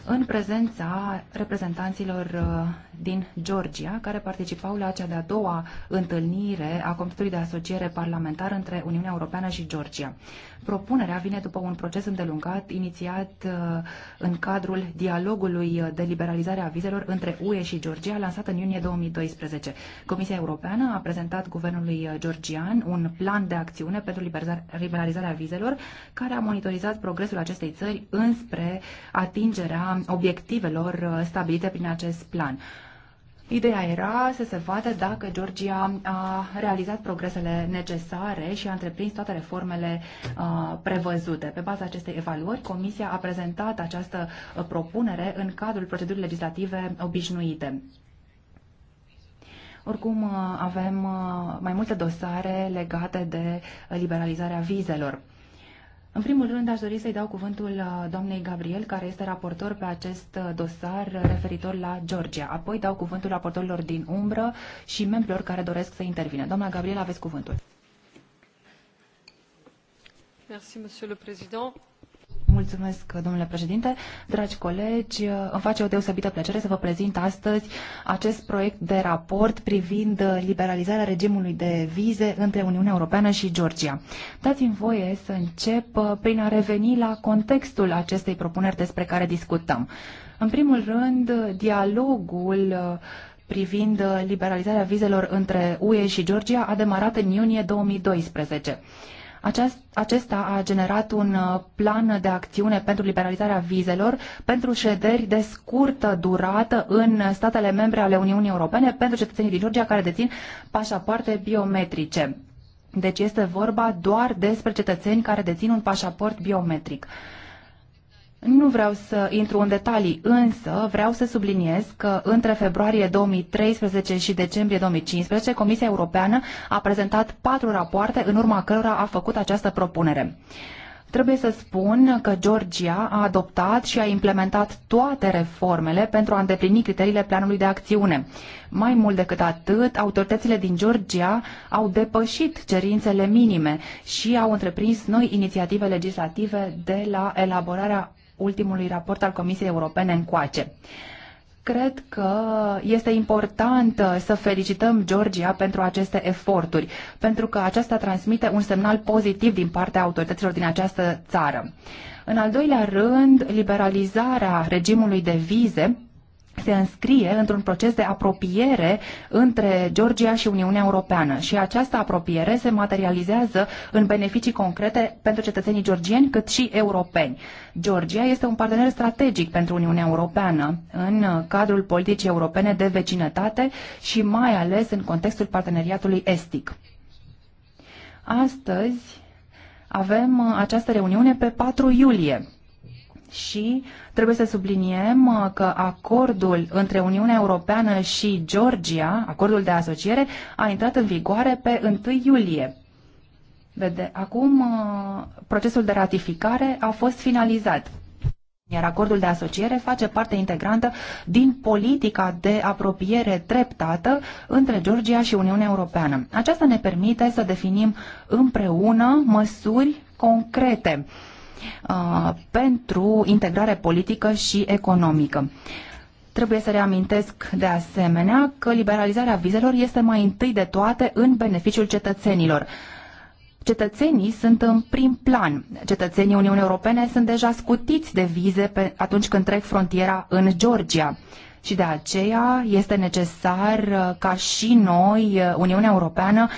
S3: în prezența reprezentanților uh, din Georgia, care participau la cea de-a doua întâlnire a Comitetului de Asociere Parlamentară între Uniunea Europeană și Georgia. Propunerea vine după un proces îndelungat inițiat uh, în cadrul dialogului de liberalizare a vizelor între UE și Georgia, lansat în iunie 2012. Comisia Europeană a prezentat guvernului uh, georgian un plan de acțiune pentru liberalizarea vizelor, care a monitorizat progresul acestei țări înspre atingerea obiectivelor uh, stabilite prin acest plan. Ideea era să se vadă dacă Georgia a realizat progresele necesare și a întreprins toate reformele uh, prevăzute. Pe baza acestei evaluări, Comisia a prezentat această uh, propunere în cadrul procedurii legislative obișnuite. Oricum, uh, avem mai multe dosare legate de liberalizarea vizelor. În primul rând, aș dori să-i dau cuvântul uh, doamnei Gabriel, care este raportor pe acest uh, dosar referitor la Georgia. Apoi dau cuvântul raportorilor din umbră și membrilor care doresc să intervină. Doamna Gabriel, aveți cuvântul.
S1: Merci, monsieur le président.
S3: Mulțumesc, domnule președinte. Dragi colegi, îmi face o deosebită plăcere să vă prezint astăzi acest proiect de raport privind liberalizarea regimului de vize între Uniunea Europeană și Georgia. Dați-mi voie să încep prin a reveni la contextul acestei propuneri despre care discutăm. În primul rând, dialogul privind liberalizarea vizelor între UE și Georgia a demarat în iunie 2012 acesta a generat un uh, plan de acțiune pentru liberalizarea vizelor pentru șederi de scurtă durată în statele membre ale Uniunii Europene pentru cetățenii din Georgia care dețin pașapoarte biometrice. Deci este vorba doar despre cetățeni care dețin un pașaport biometric. Nu vreau să intru în detalii, însă vreau să subliniez că între februarie 2013 și decembrie 2015 Comisia Europeană a prezentat patru rapoarte în urma cărora a făcut această propunere. Trebuie să spun că Georgia a adoptat și a implementat toate reformele pentru a îndeplini criteriile planului de acțiune. Mai mult decât atât, autoritățile din Georgia au depășit cerințele minime și au întreprins noi inițiative legislative de la elaborarea ultimului raport al Comisiei Europene încoace. Cred că este important uh, să felicităm Georgia pentru aceste eforturi, pentru că aceasta transmite un semnal pozitiv din partea autorităților din această țară. În al doilea rând, liberalizarea regimului de vize se înscrie într-un proces de apropiere între Georgia și Uniunea Europeană și această apropiere se materializează în beneficii concrete pentru cetățenii georgieni cât și europeni. Georgia este un partener strategic pentru Uniunea Europeană în cadrul politicii europene de vecinătate și mai ales în contextul parteneriatului estic. Astăzi avem această reuniune pe 4 iulie și trebuie să subliniem uh, că acordul între Uniunea Europeană și Georgia, acordul de asociere, a intrat în vigoare pe 1 iulie. Vede, acum uh, procesul de ratificare a fost finalizat. Iar acordul de asociere face parte integrantă din politica de apropiere treptată între Georgia și Uniunea Europeană. Aceasta ne permite să definim împreună măsuri concrete Uh, pentru integrare politică și economică. Trebuie să reamintesc de asemenea că liberalizarea vizelor este mai întâi de toate în beneficiul cetățenilor. Cetățenii sunt în prim plan. Cetățenii Uniunii Europene sunt deja scutiți de vize pe atunci când trec frontiera în Georgia. Și de aceea este necesar uh, ca și noi, uh, Uniunea Europeană,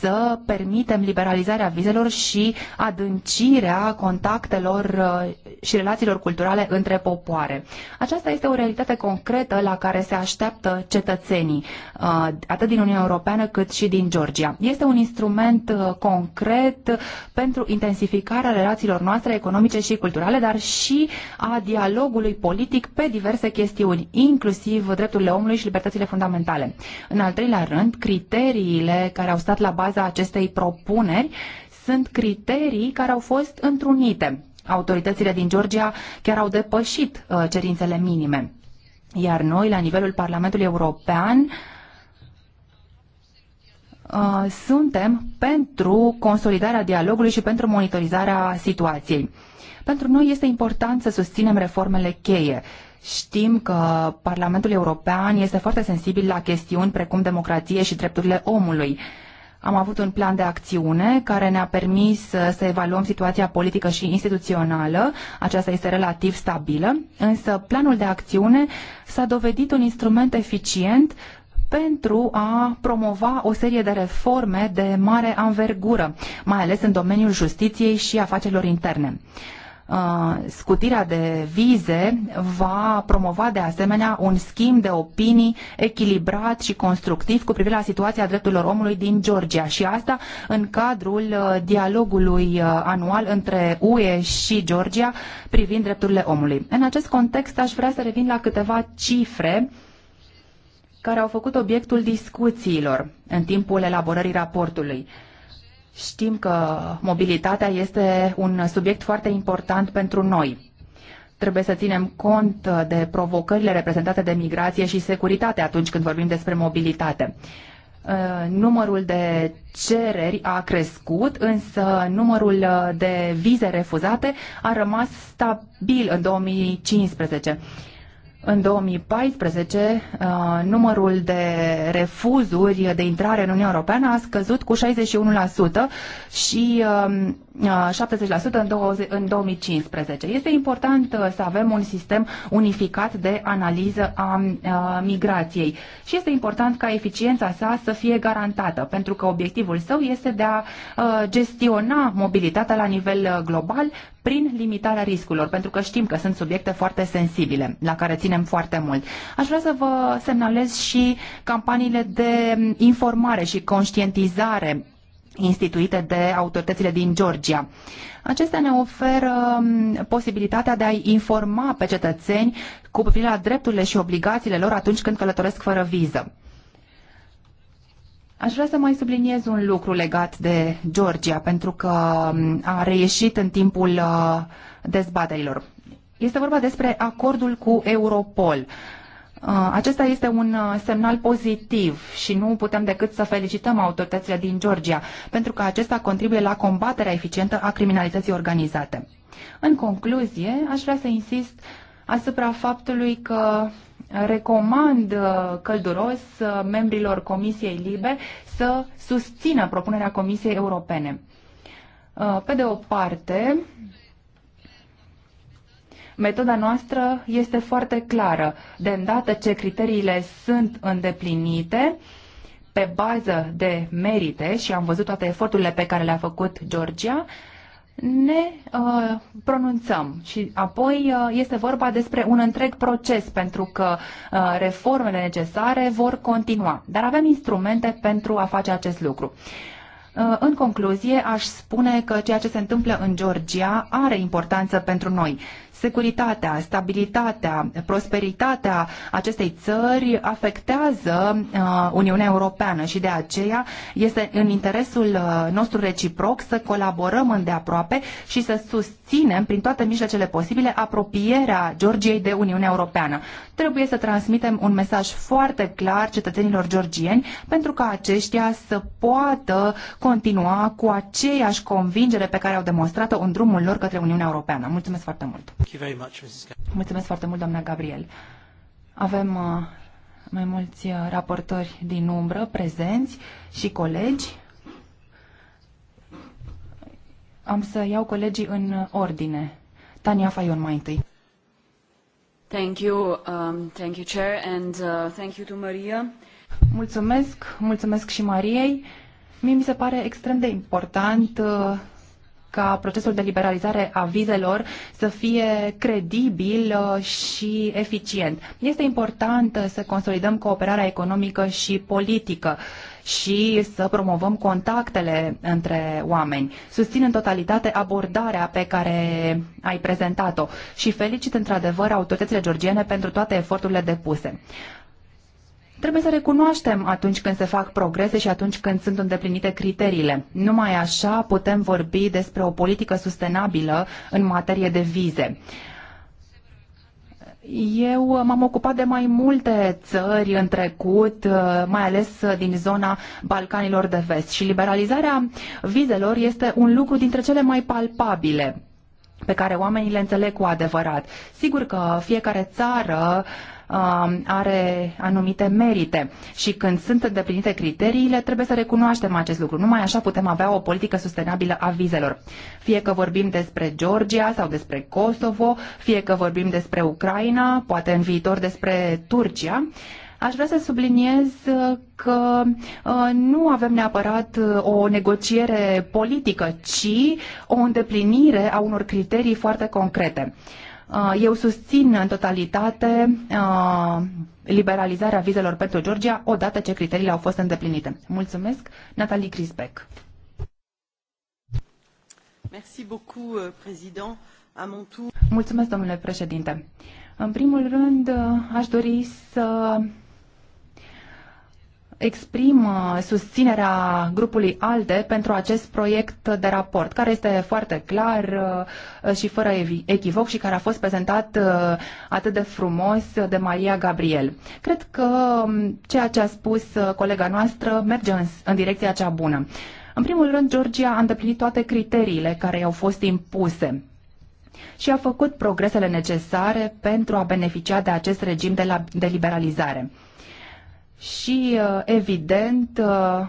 S3: să permitem liberalizarea vizelor și adâncirea contactelor uh, și relațiilor culturale între popoare. Aceasta este o realitate concretă la care se așteaptă cetățenii, uh, atât din Uniunea Europeană cât și din Georgia. Este un instrument uh, concret pentru intensificarea relațiilor noastre economice și culturale, dar și a dialogului politic pe diverse chestiuni, inclusiv drepturile omului și libertățile fundamentale. În al treilea rând, criteriile care au stat la bază baza acestei propuneri sunt criterii care au fost întrunite. Autoritățile din Georgia chiar au depășit uh, cerințele minime. Iar noi, la nivelul Parlamentului European, uh, suntem pentru consolidarea dialogului și pentru monitorizarea situației. Pentru noi este important să susținem reformele cheie. Știm că Parlamentul European este foarte sensibil la chestiuni precum democrație și drepturile omului. Am avut un plan de acțiune care ne-a permis uh, să evaluăm situația politică și instituțională. Aceasta este relativ stabilă, însă planul de acțiune s-a dovedit un instrument eficient pentru a promova o serie de reforme de mare anvergură, mai ales în domeniul justiției și afacerilor interne. Uh, scutirea de vize va promova de asemenea un schimb de opinii echilibrat și constructiv cu privire la situația drepturilor omului din Georgia și asta în cadrul uh, dialogului uh, anual între UE și Georgia privind drepturile omului. În acest context aș vrea să revin la câteva cifre care au făcut obiectul discuțiilor în timpul elaborării raportului. Știm că mobilitatea este un subiect foarte important pentru noi. Trebuie să ținem cont de provocările reprezentate de migrație și securitate atunci când vorbim despre mobilitate. Uh, numărul de cereri a crescut, însă numărul uh, de vize refuzate a rămas stabil în 2015 în 2014 uh, numărul de refuzuri de intrare în Uniunea Europeană a scăzut cu 61% și 70% um, uh, în, în 2015. Este important uh, să avem un sistem unificat de analiză a migrației și este important ca eficiența sa să fie garantată, pentru că obiectivul său este de a gestiona mobilitatea la nivel global prin limitarea riscurilor, pentru că știm că sunt subiecte foarte sensibile, la care ținem foarte mult. Aș vrea să vă semnalez și campaniile de informare și conștientizare instituite de autoritățile din Georgia. Acestea ne oferă um, posibilitatea de a-i informa pe cetățeni cu privire la drepturile și obligațiile lor atunci când călătoresc fără viză. Aș vrea să mai subliniez un lucru legat de Georgia, pentru că a reieșit în timpul uh, dezbaterilor. Este vorba despre acordul cu Europol. Uh, acesta este un uh, semnal pozitiv și nu putem decât să felicităm autoritățile din Georgia, pentru că acesta contribuie la combaterea eficientă a criminalității organizate. În concluzie, aș vrea să insist asupra faptului că recomand uh, călduros uh, membrilor Comisiei Libe să susțină propunerea Comisiei Europene. Uh, pe de o parte, metoda noastră este foarte clară. De îndată ce criteriile sunt îndeplinite, pe bază de merite, și am văzut toate eforturile pe care le-a făcut Georgia, ne uh, pronunțăm și apoi uh, este vorba despre un întreg proces pentru că uh, reformele necesare vor continua, dar avem instrumente pentru a face acest lucru. Uh, în concluzie, aș spune că ceea ce se întâmplă în Georgia are importanță pentru noi securitatea, stabilitatea, prosperitatea acestei țări afectează uh, Uniunea Europeană și de aceea este în interesul uh, nostru reciproc să colaborăm îndeaproape și să susținem prin toate mijloacele posibile apropierea Georgiei de Uniunea Europeană. Trebuie să transmitem un mesaj foarte clar cetățenilor georgieni pentru ca aceștia să poată continua cu aceeași convingere pe care au demonstrat-o în drumul lor către Uniunea Europeană. Mulțumesc foarte mult! Mulțumesc foarte mult, doamna Gabriel. Avem uh, mai mulți uh, raportori din umbră prezenți și colegi. Am să iau colegii în ordine. Tania Fayon mai întâi.
S2: Thank you, um, thank you, Chair, and uh, thank you to Maria.
S3: Mulțumesc, mulțumesc și Mariei. Mie mi se pare extrem de important uh, ca procesul de liberalizare a vizelor să fie credibil uh, și eficient. Este important uh, să consolidăm cooperarea economică și politică și să promovăm contactele între oameni. Susțin în totalitate abordarea pe care ai prezentat-o și felicit într-adevăr autoritățile georgiene pentru toate eforturile depuse. Trebuie să recunoaștem atunci când se fac progrese și atunci când sunt îndeplinite criteriile. Numai așa putem vorbi despre o politică sustenabilă în materie de vize. Eu m-am ocupat de mai multe țări în trecut, mai ales din zona Balcanilor de Vest și liberalizarea vizelor este un lucru dintre cele mai palpabile pe care oamenii le înțeleg cu adevărat. Sigur că fiecare țară uh, Um, are anumite merite și când sunt îndeplinite criteriile, trebuie să recunoaștem acest lucru. Numai așa putem avea o politică sustenabilă a vizelor. Fie că vorbim despre Georgia sau despre Kosovo, fie că vorbim despre Ucraina, poate în viitor despre Turcia, Aș vrea să subliniez că uh, nu avem neapărat uh, o negociere politică, ci o îndeplinire a unor criterii foarte concrete. Uh, eu susțin în totalitate uh, liberalizarea vizelor pentru Georgia odată ce criteriile au fost îndeplinite. Mulțumesc, Natalie Grisbeck.
S1: Euh,
S3: Mulțumesc, domnule președinte. În primul rând, uh, aș dori să exprim uh, susținerea grupului ALDE pentru acest proiect de raport, care este foarte clar uh, și fără echivoc și care a fost prezentat uh, atât de frumos de Maria Gabriel. Cred că um, ceea ce a spus colega noastră merge în, direcția cea bună. În primul rând, Georgia a îndeplinit toate criteriile care i-au fost impuse și a făcut progresele necesare pentru a beneficia de acest regim de, la, de liberalizare și, uh, evident, uh,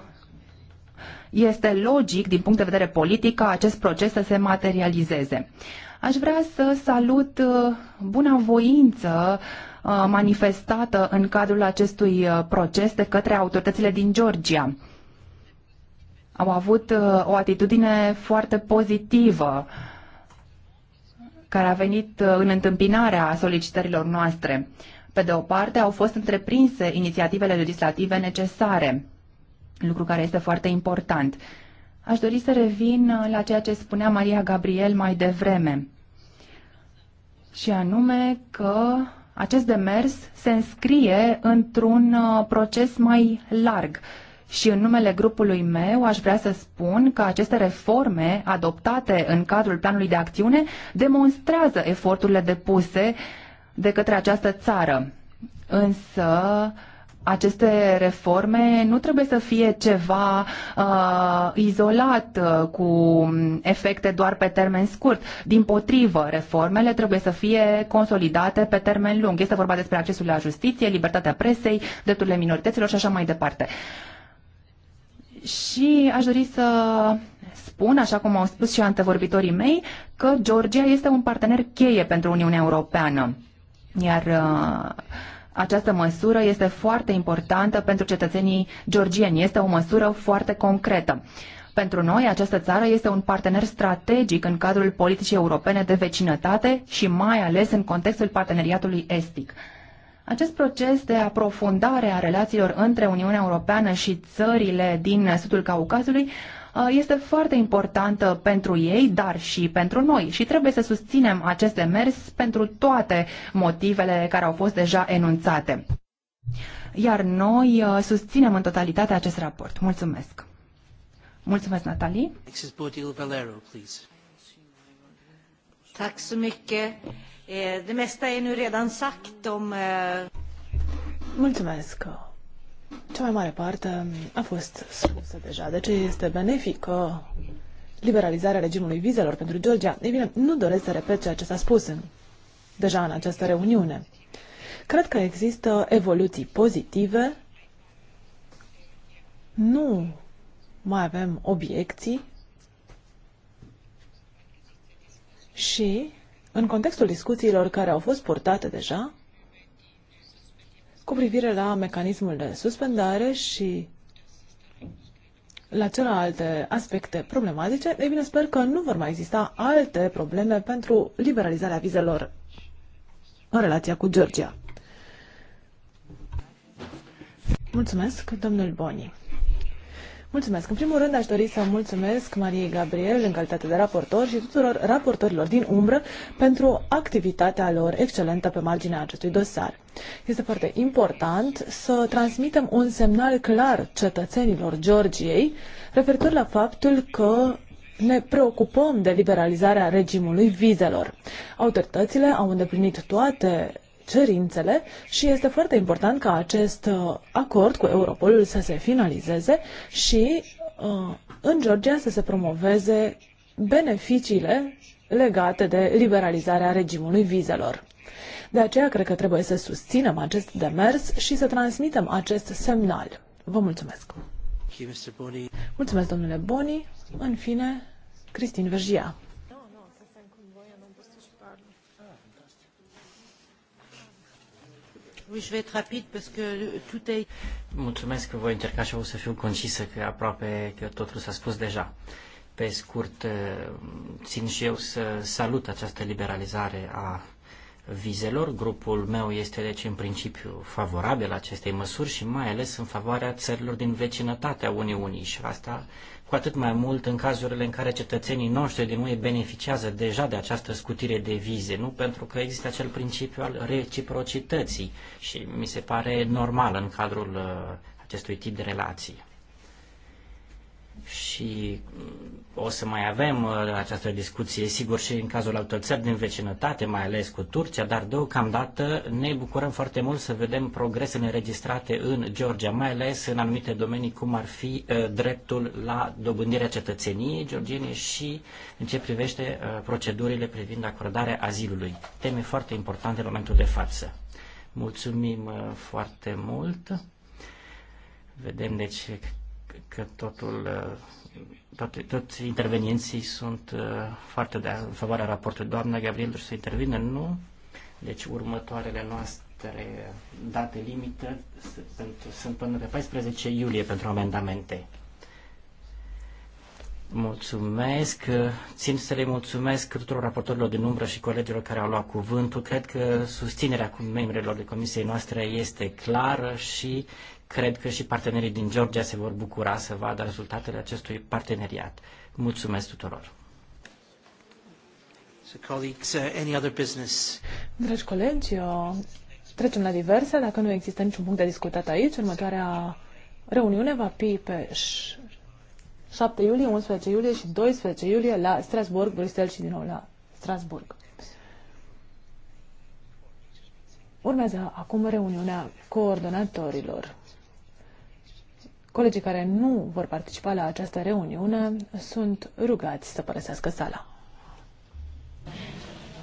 S3: este logic, din punct de vedere politic, ca acest proces să se materializeze. Aș vrea să salut uh, voință manifestată în cadrul acestui proces de către autoritățile din Georgia. Au avut o atitudine foarte pozitivă care a venit în întâmpinarea solicitărilor noastre. Pe de o parte, au fost întreprinse inițiativele legislative necesare, lucru care este foarte important. Aș dori să revin la ceea ce spunea Maria Gabriel mai devreme, și anume că acest demers se înscrie într-un uh, proces mai larg. Și în numele grupului meu aș vrea să spun că aceste reforme adoptate în cadrul planului de acțiune demonstrează eforturile depuse de către această țară. Însă, aceste reforme nu trebuie să fie ceva uh, izolat uh, cu efecte doar pe termen scurt. Din potrivă, reformele trebuie să fie consolidate pe termen lung. Este vorba despre accesul la justiție, libertatea presei, drepturile minorităților și așa mai departe. Și aș dori să spun, așa cum au spus și antevorbitorii mei, că Georgia este un partener cheie pentru Uniunea Europeană iar uh, această măsură este foarte importantă pentru cetățenii georgieni. Este o măsură foarte concretă. Pentru noi, această țară este un partener strategic în cadrul politicii europene de vecinătate și mai ales în contextul parteneriatului estic. Acest proces de aprofundare a relațiilor între Uniunea Europeană și țările din sudul Caucazului Uh, este foarte importantă pentru ei, dar și pentru noi și trebuie să susținem acest demers pentru toate motivele care au fost deja enunțate. Iar noi uh, susținem în totalitate acest raport. Mulțumesc! Mulțumesc, Natalie!
S1: Mrs. Bodil Valero, please.
S2: Tack så mycket. Eh, det mesta är nu redan sagt om... Eh, Mulțumesc! Cea mai mare parte a fost spusă deja. De ce este benefică liberalizarea regimului vizelor pentru Georgia? Ei bine, nu doresc să repet ceea ce s-a spus în, deja în această reuniune. Cred că există evoluții pozitive. Nu mai avem obiecții și, în contextul discuțiilor care au fost purtate deja, cu privire la mecanismul de suspendare și la celelalte aspecte problematice, e bine, sper că nu vor mai exista alte probleme pentru liberalizarea vizelor în relația cu Georgia. Mulțumesc, domnul Boni. Mulțumesc. În primul rând aș dori să mulțumesc Mariei Gabriel în calitate de raportor și tuturor raportorilor din umbră pentru activitatea lor excelentă pe marginea acestui dosar. Este foarte important să transmitem un semnal clar cetățenilor Georgiei referitor la faptul că ne preocupăm de liberalizarea regimului vizelor. Autoritățile au îndeplinit toate cerințele și este foarte important ca acest uh, acord cu Europolul să se finalizeze și uh, în Georgia să se promoveze beneficiile legate de liberalizarea regimului vizelor. De aceea cred că trebuie să susținem acest demers și să transmitem acest semnal. Vă mulțumesc! Mulțumesc, domnule Boni. În fine, Cristin Vergia.
S1: Oui, je vais être rapide parce que tout est... Mulțumesc că voi încerca și eu să fiu concisă că aproape că totul s-a spus deja. Pe scurt, țin și eu să salut această liberalizare a vizelor. Grupul meu este deci în principiu favorabil acestei măsuri și mai ales în favoarea țărilor din vecinătatea Uniunii și asta cu atât mai mult în cazurile în care cetățenii noștri din UE beneficiază deja de această scutire de vize, nu pentru că există acel principiu al reciprocității și mi se pare normal în cadrul uh, acestui tip de relații și mm, o să mai avem uh, această discuție, sigur, și în cazul altor țări din vecinătate, mai ales cu Turcia, dar deocamdată ne bucurăm foarte mult să vedem progresele înregistrate în Georgia, mai ales în anumite domenii, cum ar fi uh, dreptul la dobândirea cetățeniei georgiene și în ce privește uh, procedurile privind acordarea azilului. Teme foarte importante în momentul de față. Mulțumim foarte mult. Vedem, deci, că totul, uh, toate, toți intervenienții sunt uh, foarte de în favoarea raportului. Doamna Gabriel, să intervine? Nu. Deci următoarele noastre date limită sunt, sunt până pe 14 iulie pentru amendamente. Mulțumesc. Țin să le mulțumesc tuturor raportorilor din umbră și colegilor care au luat cuvântul. Cred că susținerea cu membrilor de comisiei noastre este clară și Cred că și partenerii din Georgia se vor bucura să vadă rezultatele acestui parteneriat. Mulțumesc tuturor! Uh,
S2: Dragi colegi, uh, trecem la diverse. Dacă nu există niciun punct de discutat aici, următoarea reuniune va fi pe 7 iulie, 11 iulie și 12 iulie la Strasburg, Bruxelles și din nou la Strasburg. Urmează acum reuniunea coordonatorilor. Colegii care nu vor participa la această reuniune sunt rugați să părăsească sala.